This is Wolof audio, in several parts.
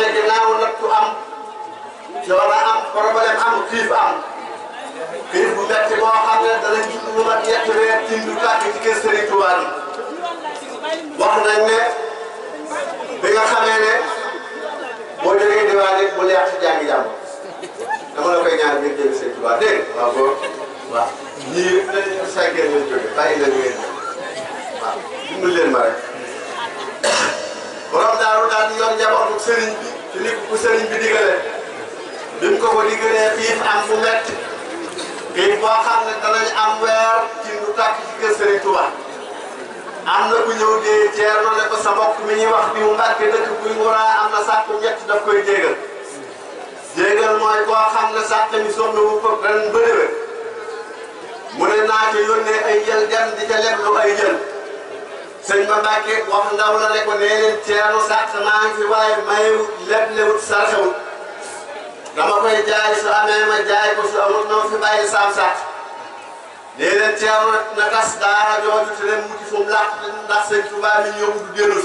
ne ginnaaw nattu am coono am problème am xiif am xiif bu metti boo xam ne danañ ci lu mat ñetti weer tindu kàkk ci kër Serigne Touba bi wax nañ ne nga xamee ne boo jógee diwaan it bu leex ci leen ma rek borom daaru daal di yor njabootu sëriñ bi ci li ko bi digale bi ko ko digalee xiif am bu metti xiif boo xam ne danañ am weer ci lu tàkk ci kër am na ku ñëw dee jeerno ne ko sa mbokk mi ñuy wax bi mu Mbàkke dëkk buy nguraa am na sàkku ñett daf koy jéegal jéegal mooy koo xam ne sàkk mi soxla wu ko ren bëriwé mu ne naa ca yónnee ay jël di ca lu ay sëñ ma Mbàkke wax ndaw la ne ko nee leen ceeru sàtt naa ngi fi waaye mayewut leblewut sarxewut jaay su amee jaay ko su na ma fi bàyyi saam sàtt nee na tas daara jooju te leen mujj fu ndax sëñ Tuubaa mi ñëw du dellu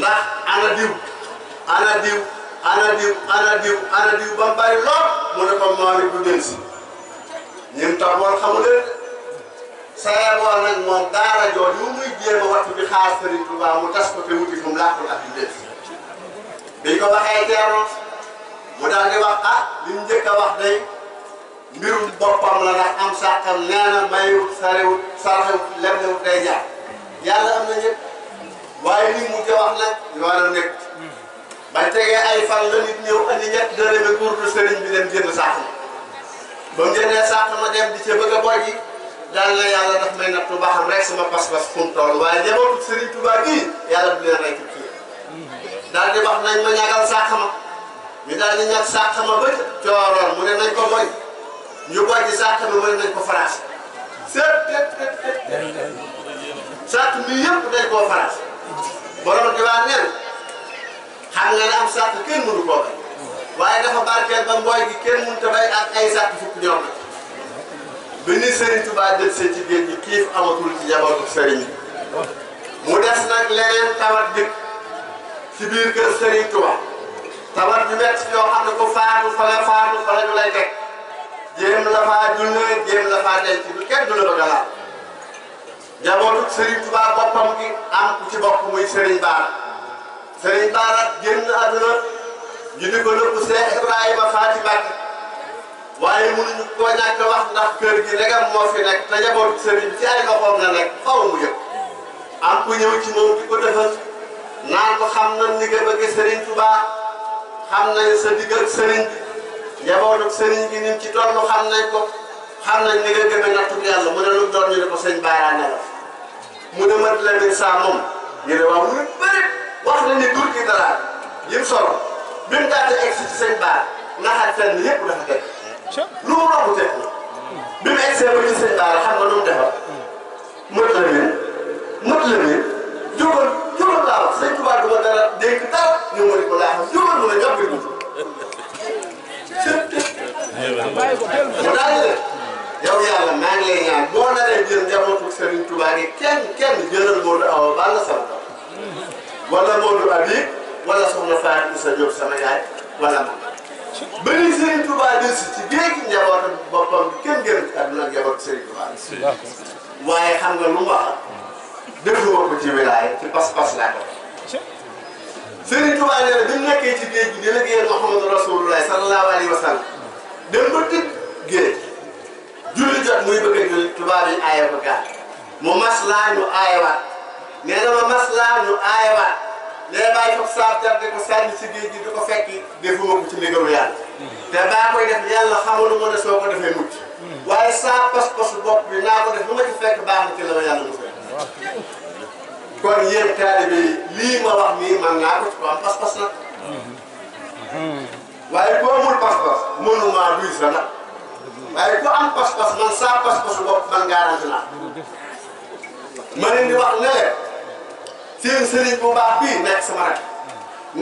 ndax ana diw ana diw ana diw ana diw ana diw ba mu mu ne ko moom it du dellu si xamu leen sayaboo nag moom daara jooju muy jéem a wattu di xaar Serigne Touba mu tas ko wuti fu mu làqul ak yu des biñ ko waxee teeru mu daal di wax ah li mu a wax day mbirum boppam la ndax am sàqam nee na mayut sarewut sarxewut leblewut day jaar yàlla am na ñëpp waaye li mu mujjee wax nag yoonam nekk bañ tegee ay fan la nit ñëw andi ñett dërëmi sa Serigne bi dem jënd sàq ba mu jëndee sàq ma dem di ca a boy daan la yàlla daf may nattu ba xam rek sama pas-pas fu mu toll waaye njabootu Serigne Touba gii yàlla du leen rey ci kii daal di wax nañ ma ñàkkal sàq ma ñu daal di ñàkk sàq ma ba cooroon mu ne nañ ko boy ñu boy ci sàq ma mu ne nañ ko faraas seet teet teet teet sàq mi yëpp dañ koo faraas borom di waa neen xam nga ne am sàq kenn mënu koo bay waaye dafa barkeel ba mbooy gi kenn mënut a bay ay sàq fukk ñoom bi ni Serigne Touba jël géej gi kiif amatul ci njabootu Serigne mu des nag leneen tawat dëkk ci biir kër Serigne Touba tawat bi metti yoo ku faatu fa la lay teg jéem la faa jullee jéem la faa du kenn du la galaat njabootu Serigne Touba boppam gi am ci bokk muy Serigne Bara Serigne Bara génn àdduna ñu ni ko nëbbu Cheikh Ibrahima Faati Mbàkke waaye mënuñu koo ñàkk wax ndax kër gi ndegam moo fi nekk te njaboot sëriñ ci ay loxoom la nekk faw mu yëg am ku ñëw ci moom di ko defal naan ko xam nañ ni nga bëgg sëriñ Tuubaa xam nañ sa digg ak sëriñ bi njaboot ci toll xam nañ ko xam nañ ni nga gëme nattu yàlla mu ne lu doon ñu ne ko sëñ la mu ne mat la ni saa moom ñu ne waaw lu bëri wax na ni dur ki dara yim solo bi mu daal ci sëñ Baara naxal fenn yëpp dafa lu a romb teg na bi mu egsee ba ci sëñ Baara xam nga nu mu defar mët la mel mët la mel jógal jógal laa wax sëñ Tuubaa duma dara dégg dara ñu ma di ko laa xam jógal mu ne ñàppee ko mu maa ngi lay ñaan boo naree jël njabootu Serigne Touba gi kenn kenn jëlal Modou Awa Balla sama taw wala Modou Habib wala soxna Fatou Issa Diop sama yaay wala man ba ni Serigne dellu si ci biir xam nga lu mu ci wilaaya ci pas-pas laa ko mu dem ba tëj géej julli jot muy bëgg a julli tubaab yi aaye ko gaal mu maslaa ñu aayewaat nee na ma maslaa ñu aayewaat nee bàyyi ko saab jar di ko sànni ci géej gi di ko fekki defuma ko ci ndigalu yàlla yàlla xamul ma ne soo ko defee mucc waaye saa pas-pasu bopp bi naa ko def lu fekk baax na ci ma yàlla mu kon yéen taalibe yi lii ma wax nii man naa ko ci ko am pas-pas nag waaye am pas man saa pas-pasu bopp man garanti naa ma leen di wax ne leen seen sëriñ bu baax bii nekk sama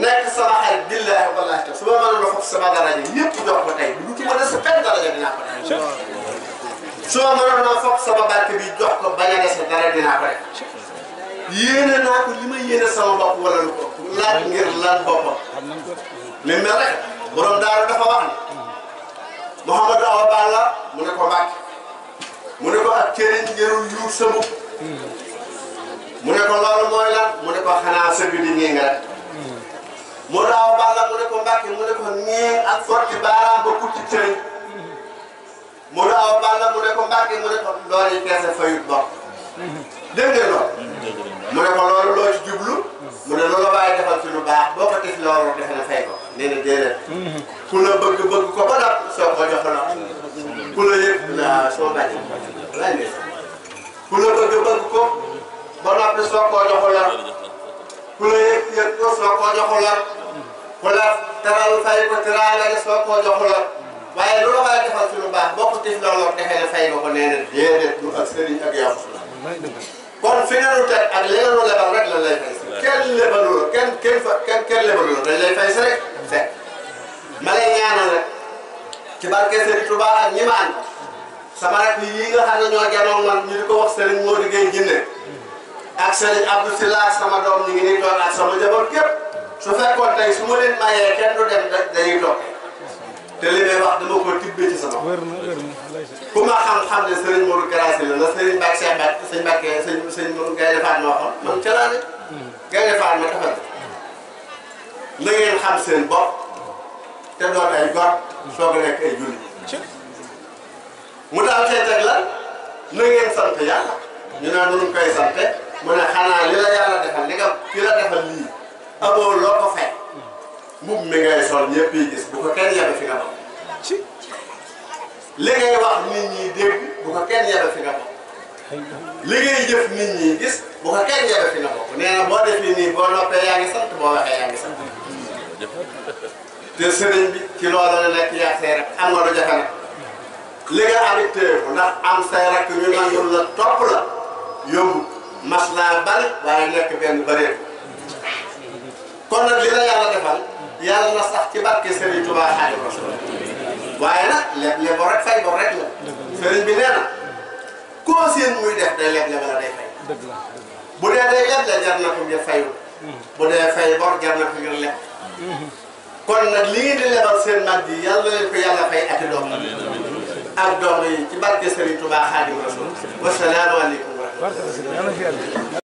nekk sama xarit billaahi wallaahi ta su ma mën a dox sama su ma mënoon a foog sama barke bi jox ko bañ a dese dara dinaa ko def yéene naa ko li ma yéene sama bopp wala lu ko laaj ngir laal boppam li mel rek borom daara dafa wax ne Mouhamadou Awa Balla mu ko Mbàkke mu ne ko ak cëriñ njërul yuur sa bopp mu ne ko loolu mooy ko xanaa sëbi di nga rek Modou Awa Balla mu ne ko Mbàkke mu ne ko ñee ak sotti baaraam ba kutti cëriñ mu ne aw Balla mu ne ko Mbàkke mu ne ko doole kese fayut bor dégg nga loolu mu ne ko loolu loo ci jublu mu ne lu la bàyyi defal ci lu baax boo ko gis loolu defe na fay ko nee na déedéet ku la bëgg bëgg ko ba nag soo ko jox la ku la yëg la soo bañ lan ne ku la bëgg bëgg ko ba noppi soo koo joxu la ku la yëg yëg ko soo koo joxu la ku la teral fay ko teraale soo koo joxu la waaye lu la war a defal ci lu baax bokk tif la lool defee ne fay nga ko nee na déedéet lu ak sëriñ ak yaa kon fi nga nu teg ak li nga nu lebal rek lan lay fay kenn lebalu la kenn kenn fa kenn kenn lebalu la dañ lay fay sa rek fekk ma lay ñaanal rek ci barke ñi ma ànd sama rak ñoo di ko wax Sëriñ Modou Gueye Jinne ak Sëriñ Abdou sama doom ñu ngi nii toog ak sama jabar képp su fekkoon tey su ma leen mayee kenn du dem dañuy toog te li may wax dama ko tibbee ci sama. wér na wér na ku ma xam-xam ne mu Modou Kara Sylla la Serigne Mbacke Cheikh Mbacke sëñ Mbacke sëñ sëñ Gaynde Fatma waxoon man ca laa ne. Gaynde Fatma defal na ngeen xam seen bopp te doon ay gor soog a nekk ay julli. mu daal tey teg la na ngeen yàlla ñu naan nu koy sante mu ne xanaa li yàlla defal li nga defal lii amoo loo ko fay. mbubb mi ngay sol ñëpp yi gis bu ko kenn yabe fi nga wax nit ñi dégg bu ko kenn yabe fi nga jëf nit ñi gis bu ko kenn yabe fi nga bokk boo defee nii boo noppee yaa ngi sant boo waxee yaa ngi sant te sëriñ bi ci loolu yaa say am nga lu jafe am say rek ñu nangul la topp la yóbbu mas laa waaye nekk benn bëreeku kon nag li la defal yàlla na sax ci barke Serigne Touba Xaadimu waaye nag leb lebo fay bor la. Serigne bi nee na koo muy def day leb leb la day fay. bu dee day leb la jar na ko ngeen fayul. Hmm. bu dee fay hmm. li ngeen di lebal seen mag yi yàlla leen ko yàlla fay ati doom ak doom yi ci barke Serigne Touba Xaadimu Rasuul wasalaamu